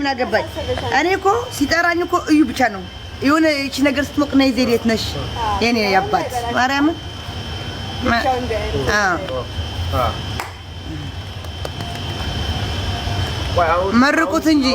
ምን አገባኝ። እኔ እኮ ሲጠራኝ እኮ እዩ ብቻ ነው የሆነ እቺ ነገር ስትሞቅ ነይ ዜድ የት ነሽ? የኔ ያባት ማርያም መርቁት እንጂ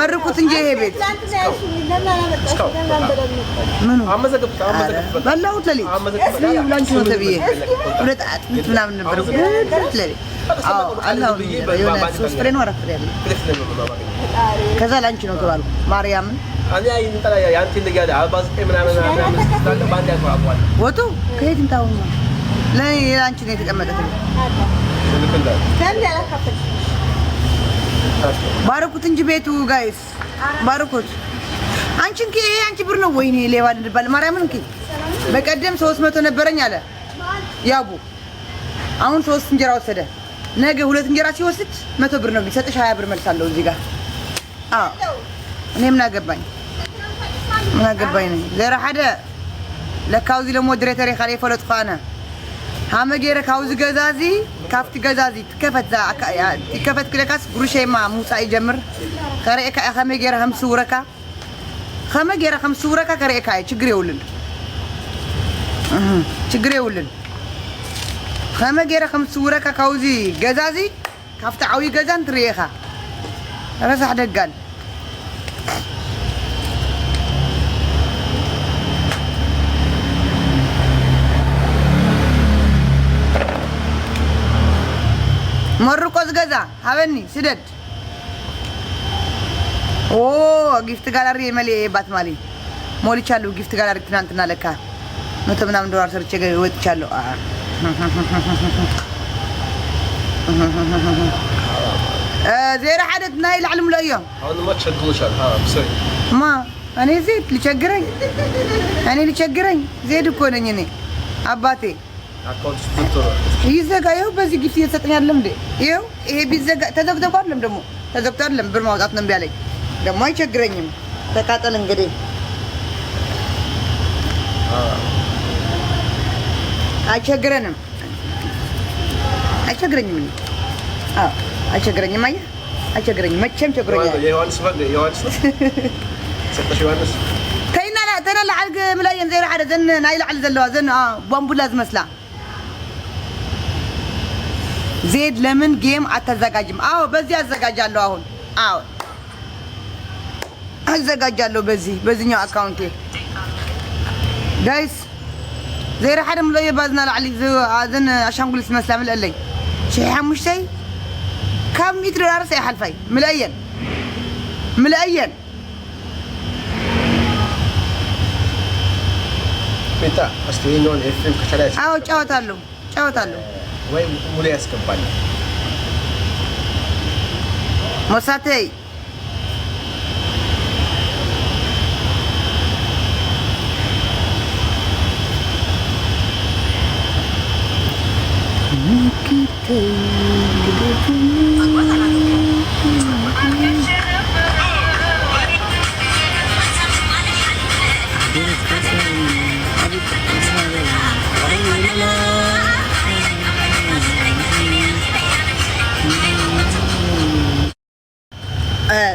መርቁት እንጂ ይሄ ቤት ምኑ በላሁት ለሌት ብላንቺ ነው ተብዬ ሁለት አጥሚት ምናምን ነበር ሌሊት ሶስት ፍሬ ነው አራት ፍሬ ያለ ከዛ ለአንቺ ነው ተባልኩ። ማርያምን ወጡ ከየት እንታሁን ለአንቺ ነው የተቀመጠ ባረኩት እንጂ ቤቱ ጋይስ ባረኩት። አንቺ እንኪ አንቺ ብር ነው ወይኔ ሌባ እንድባል ማርያምን እንኪ በቀደም ሶስት መቶ ነበረኝ አለ ያቡ አሁን ሶስት እንጀራ ወሰደ። ነገ ሁለት እንጀራ ሲወስድ መቶ ብር ነው ቢሰጥሽ፣ ሀያ ብር መልሳለሁ እዚህ ጋር። አዎ እኔ ምን አገባኝ ምን አገባኝ ነኝ ዘረ ሓደ ለካውዚ አውዚ የካለ የፈለጥኩ ሃመ ጌረ ካብዚ ገዛ እዚ ካብቲ ትከፈት ክለካስ ጉሩሸይማ ምውፃእ ይጀምር ከርእካ እየ ከመይ ጌረ ከም ስውረካ ከመይ ጌረ ከም ስውረካ ከርእካ ችግር የውልን ችግር የውልን ከመ ገይረ ከም ዝስውረካ ካብዚ ገዛ እዚ ካብቲ ዓብዪ ገዛን ትርኢኻ ረሳሕ ደጋን መርቆስ ገዛ ሃበኒ ስደድ ጊፍት ጋላሪ የመልየ የባት ማለ ሞልቻለሁ። ጊፍት ጋላሪ ትናንትና ለካ መቶ ምናምን ዶላር ሰርቼ ወጥቻለሁ። ዜሮ ሓደ ናይ ላዕሊ ምሎ እዮም ማ እኔ ዜድ ልቸግረኝ እኔ ልቸግረኝ ዜድ እኮ ነኝ እኔ አባቴ ይዘጋ ይኸው በዚህ ጊፍት እየተሰጠኝ አይደለም እንዴ ይኸው ይሄ ቢዘጋ ተዘግቶ አይደለም ደግሞ ተዘግቶ አይደለም ብር ማውጣት ነው እምቢ አለኝ ደግሞ አይቸግረኝም ተቃጠል እንግዲህ አይቸግረንም፣ አይቸግረኝም። አዎ አይቸግረኝም። አየህ አይቸግረኝም፣ መቼም ቸግሮኛል። ከይና ላዓል ምላየን ዘይራ ሓደ ዘን ናይ ላዕሊ ዘለዋ ዘን ባምቡላ ዝመስላ ዜድ ለምን ጌም አታዘጋጅም? አዎ በዚህ አዘጋጃለሁ። አሁን አዎ አዘጋጃለሁ። በዚህ በዚህኛው አካውንቴ ጋይስ ዘይረ ሓደ ምለዮ ባዝና ላዕሊ እዘን ኣሻንጉሊት ዝመስላ ምልአለይ ሽሕ ሓሙሽተይ ካብ ሚእቲ ዶላርስ ኣይሓልፋይ ምልአየን ምልአየን አዎ ጫወት አለሁ ጫወት አለሁ ሞሳተይ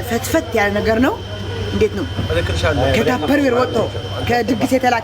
ፈትፈት ያለ ነገር ነው። እንዴት ነው ከዳፐርዌር ወጥቶ ከድግስ የተላከ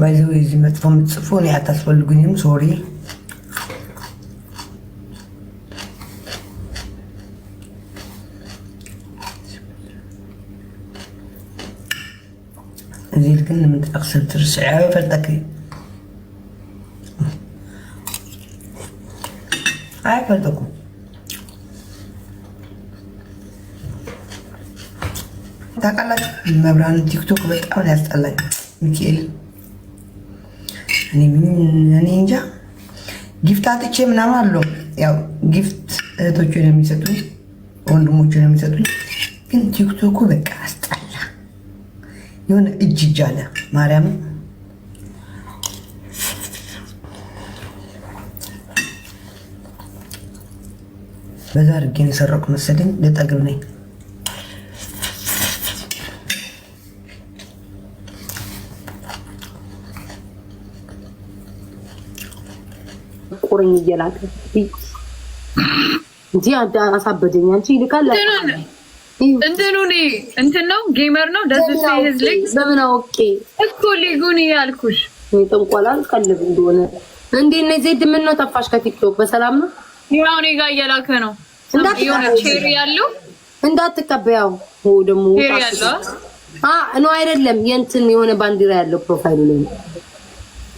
ባይዘ እዚህ መጥፎ የምትጽፉ እኔ አታስፈልጉኝም። ሶሪ እዚህ ግን ንምንትጠቅስብ ትርስዕያ ይፈልጠኪ አይፈልጠኩም ታውቃላችሁ፣ መብራን ቲክቶክ በጣም ያስጠላኝ ሚካኤል እኔ እንጃ ጊፍት አጥቼ ምናምን አለው። ያው ጊፍት እህቶቹ ነው የሚሰጡኝ፣ ወንድሞቹ ነው የሚሰጡኝ። ግን ቲክቶኩ በቃ አስጠላ። የሆነ እጅ እጅ አለ ማርያምን በዛ አድርጌ የሰረቁ መሰለኝ። ልጠግብ ነኝ። ቁርኝ እየላከ እንጂ አሳበደኝ። አንቺ ይልካል እንትኑ እንትን ነው ጌመር ነው ደሱ ህዝ ልጅ በምን አውቄ እኮ ሊጉን ያልኩሽ ጥንቆላ ቀልብ እንደሆነ እንዴ እነ ዜድ ምን ነው ጠፋሽ ከቲክቶክ በሰላም ነው? ያው እኔ ጋር እየላከ ነው ሪ ያለው እንዳትቀበያው ደግሞ ሪ ያለው ነው አይደለም የእንትን የሆነ ባንዲራ ያለው ፕሮፋይል ላይ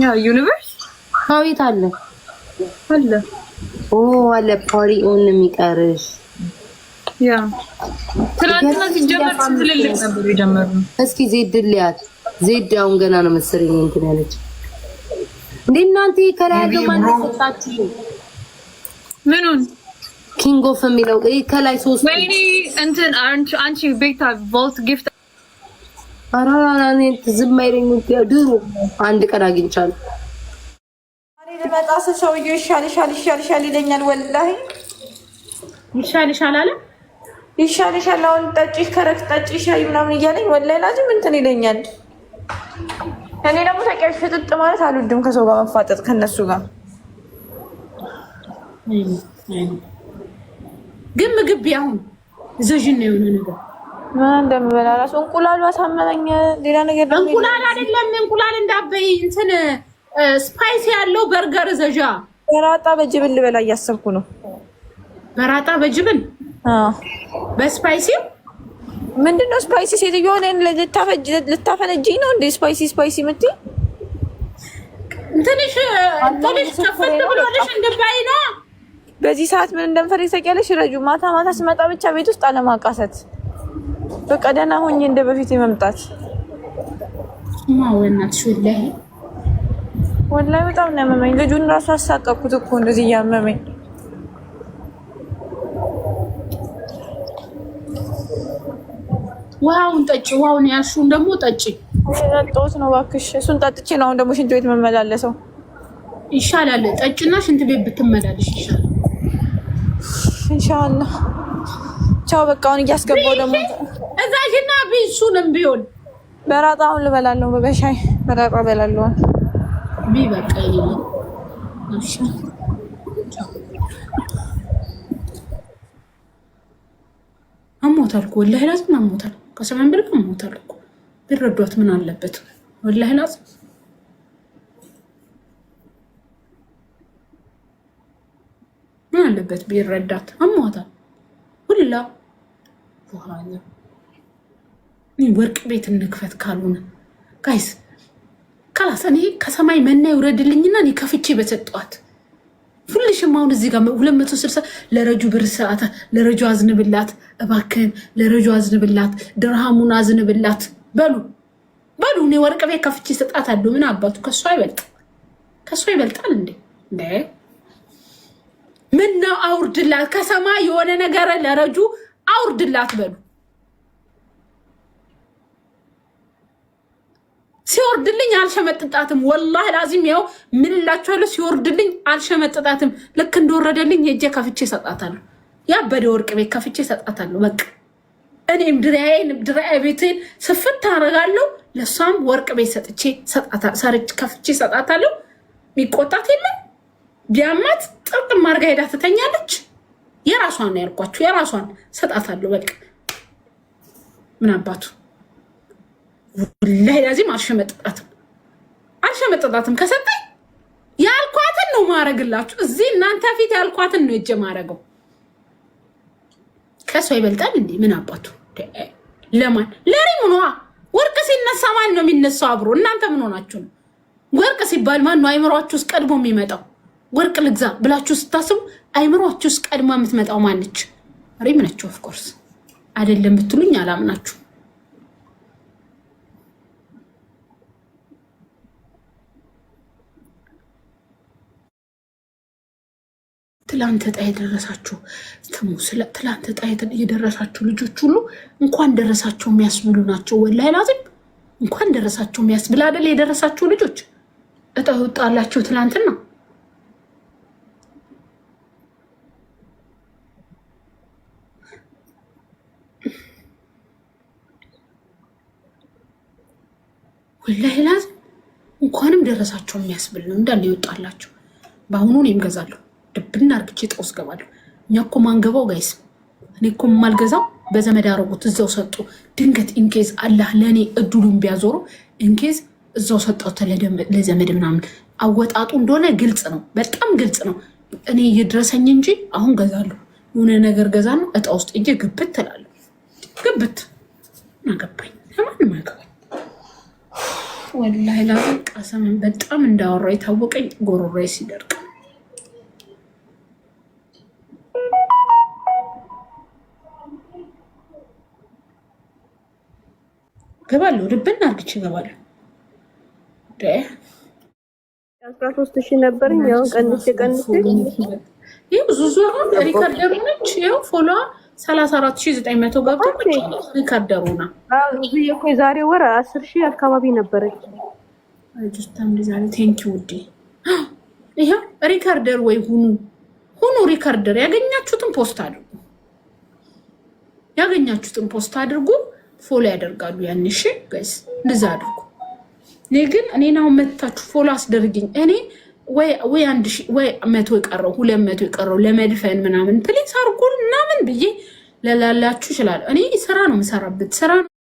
ያ ዩኒቨርስ አቤት አለ አለ ኦ አለ ፓሪ ኦን የሚቀርሽ ያ ትናንትና ሲጀመር ትልልቅ ነበር የጀመርነው። እስኪ ዜድ ልያት ዜድ አሁን ገና ነው መሰለኝ እንትን ያለች እንዴ እናንተ ከላይ ያለው ማን ሰጣችሁ? ምኑን ኪንግ ኦፍ የሚለው ከላይ ሶስት ወይኔ እንትን አንቺ ቤታ ቮልት ጊፍት ዝም አይለኝ። ድሮ አንድ ቀን አግኝቻለሁ። ልመጣ ስል ሰውዬው ይሻል ይሻል ይሻል ይሻል ይለኛል። ወላሂ ይሻል አለ ይሻል አሁን ጠጪ ከረክ ጠጪ ሻይ ምናምን እያለኝ ወላሂ ላዚም እንትን ይለኛል። እኔ ደግሞ ተቂያች ፍጥጥ ማለት አልወድም፣ ከሰው ጋር መፋጠጥ ከነሱ ጋር ግን ምግብ አሁን ዘዥን የሆነ ነገር ምን እንደምበላ እራሱ እንቁላሉ አሳመመኝ። ሌላ ነገር ደግሞ እንቁላል አይደለም እንቁላል እንዳበይ እንትን ስፓይስ ያለው በርገር ዘዣ በራጣ በጅብን ልበላ እያሰብኩ ነው። በራጣ በጅብን በስፓይሲ ምንድን ስፓይሲ? ሴትዮዋ ልታፈነጅኝ ነው እንዴ? ስፓይሲ ስፓይሲ የምትይ ትንሽ ትንሽ ከፍት ብሎልሽ እንድባይ ነው። በዚህ ሰዓት ምን እንደምፈለግ ታውቂያለሽ? ረጁ ማታ ማታ ስመጣ ብቻ ቤት ውስጥ አለማቃሰት በቃ ደህና ሆኜ እንደ በፊት የመምጣት ማወናት ወላሂ ወላሂ በጣም ነው ያመመኝ። ልጁን ራሱ አሳቀቅኩት እኮ እንደዚህ እያመመኝ ውሃውን ጠጪ፣ ውሃውን ያልሽውን ደግሞ ጠጪ። ጠጦት ነው እባክሽ። እሱን ጠጥቼ ነው አሁን ደግሞ ሽንት ቤት መመላለሰው። ይሻላል ጠጪና ሽንት ቤት ብትመላለሽ ይሻላል። ኢንሻአላህ ቻው። በቃ አሁን እያስገባው ደግሞ እዛ ሂና ቢሹንም ቢሆን በራጣውን ልበላለሁ። በበሻይ በራጣ በላለሁ ቢበቃ እሺ አሞታል እኮ ወላሂ ላዝም አሞታል። ከሰማን ብልቅ አሞታል እኮ ቢረዷት ምን አለበት? ወላሂ ላዝም ምን አለበት ቢረዳት? አሞታል ሁላ ወርቅ ቤት እንክፈት ካልሆነ ጋይስ ካላስ እኔ ከሰማይ መና ይውረድልኝና እኔ ከፍቼ በሰጠዋት ሁልሽም አሁን እዚህ ጋር ሁለት መቶ ስልሳ ለረጁ ብር ሰዓት ለረጁ አዝንብላት፣ እባክህን ለረጁ አዝንብላት፣ ድርሃሙን አዝንብላት በሉ በሉ። እኔ ወርቅ ቤት ከፍቼ አሉ። ምን አባቱ ከሱ አይበልጥ ከሱ ይበልጣል እንዴ? ምን ነው አውርድላት፣ ከሰማይ የሆነ ነገር ለረጁ አውርድላት በሉ። ሲወርድልኝ አልሸመጥጣትም። ወላሂ ላዚም ያው ምን ሲወርድልኝ አልሸመጥጣትም። ልክ እንደወረደልኝ ሄጄ ከፍቼ ያ በደ ወርቅ ቤት ከፍቼ እሰጣታለሁ። በቃ እኔም ድራዬን ድራዬ ቤትን ስፍት ታረጋለሁ። ለእሷም ወርቅ ቤት ሰጥቼ ሰርች ከፍቼ እሰጣታለሁ። ሚቆጣት የለም። ቢያማት ጥርጥ ማርጋ ሄዳ ትተኛለች። የራሷን ያልኳችሁ፣ የራሷን ሰጣታለሁ። በቃ ምን አባቱ ወላሂ ላዚም አልሸመጥጣትም አልሸመጥጣትም። ከሰጠኝ ያልኳትን ነው ማረግላችሁ። እዚህ እናንተ ፊት ያልኳትን ነው እጀ ማረገው። ከሷ ይበልጣል እንዴ? ምን አባቱ ለማን ለሪሙ ነዋ። ወርቅ ሲነሳ ማን ነው የሚነሳው አብሮ? እናንተ ምን ሆናችሁ ነው? ወርቅ ሲባል ማን ነው አይምሯችሁ ውስጥ ቀድሞ የሚመጣው? ወርቅ ልግዛ ብላችሁ ስታስቡ አይምሯችሁ ውስጥ ቀድማ የምትመጣው ማነች? ሪም ነች። ኦፍኮርስ አይደለም ብትሉኝ አላምናችሁ ትላንት ዕጣ የደረሳችሁ ትላንት ዕጣ የደረሳችሁ ልጆች ሁሉ እንኳን ደረሳቸው የሚያስብሉ ናቸው። ወላሂ ላዚም እንኳን ደረሳቸው የሚያስብል አይደል? የደረሳችሁ ልጆች ዕጣ የወጣላችሁ ትላንትና ወላሂ ላዚም እንኳንም ደረሳቸው የሚያስብል ነው። እንዳለ ይወጣላቸው። በአሁኑ እኔም እገዛለሁ። ድብና አርግቼ ጠውስ ገባለሁ። እኛ እኮ ማንገባው ጋይስ፣ እኔ እኮ ማልገዛው በዘመድ አረጉት እዛው ሰጡ። ድንገት ኢንኬዝ አላህ ለእኔ እድሉን ቢያዞሩ ኢንኬዝ እዛው ሰጠው ለዘመድ ምናምን። አወጣጡ እንደሆነ ግልጽ ነው፣ በጣም ግልጽ ነው። እኔ እየድረሰኝ እንጂ አሁን ገዛለሁ የሆነ ነገር ገዛ ነው እጣ ውስጥ እጄ ግብት ትላለሁ። ግብት አገባኝ ለማንም አገባኝ። ወላሂ ላቀሰምን በጣም እንዳወራ የታወቀኝ ጎሮሮዬ ሲደርቅ ገባለሁ። ርብን አርግቼ ገባለሁ። አስራ ሶስት ሺህ ነበርኝ። ያው ይህ ብዙ ሪከርደሩ ነች። ፎሎ ሰላሳ አራት ዘጠኝ መቶ ገብቶ ሪከርደሩ የዛሬ ወር አስር ሺህ አካባቢ ነበረች። ቴንኪ ውዴ። ይኸው ሪከርደር ወይ ሁኑ ሁኑ ሪከርደር። ያገኛችሁትን ፖስት አድርጉ። ያገኛችሁትን ፖስት አድርጉ። ፎሎ ያደርጋሉ። ያንሽ ጋይስ እንደዛ አድርጉ። እኔ ግን እኔን አሁን መታችሁ ፎሎ አስደርግኝ እኔ ወይ ወይ አንድ ሺ ወይ መቶ የቀረው ሁለት መቶ የቀረው ለመድፈን ምናምን ፕሊስ አርጎ ምናምን ብዬ ለላላችሁ ይችላል። እኔ ስራ ነው የምሰራበት ስራ ነው።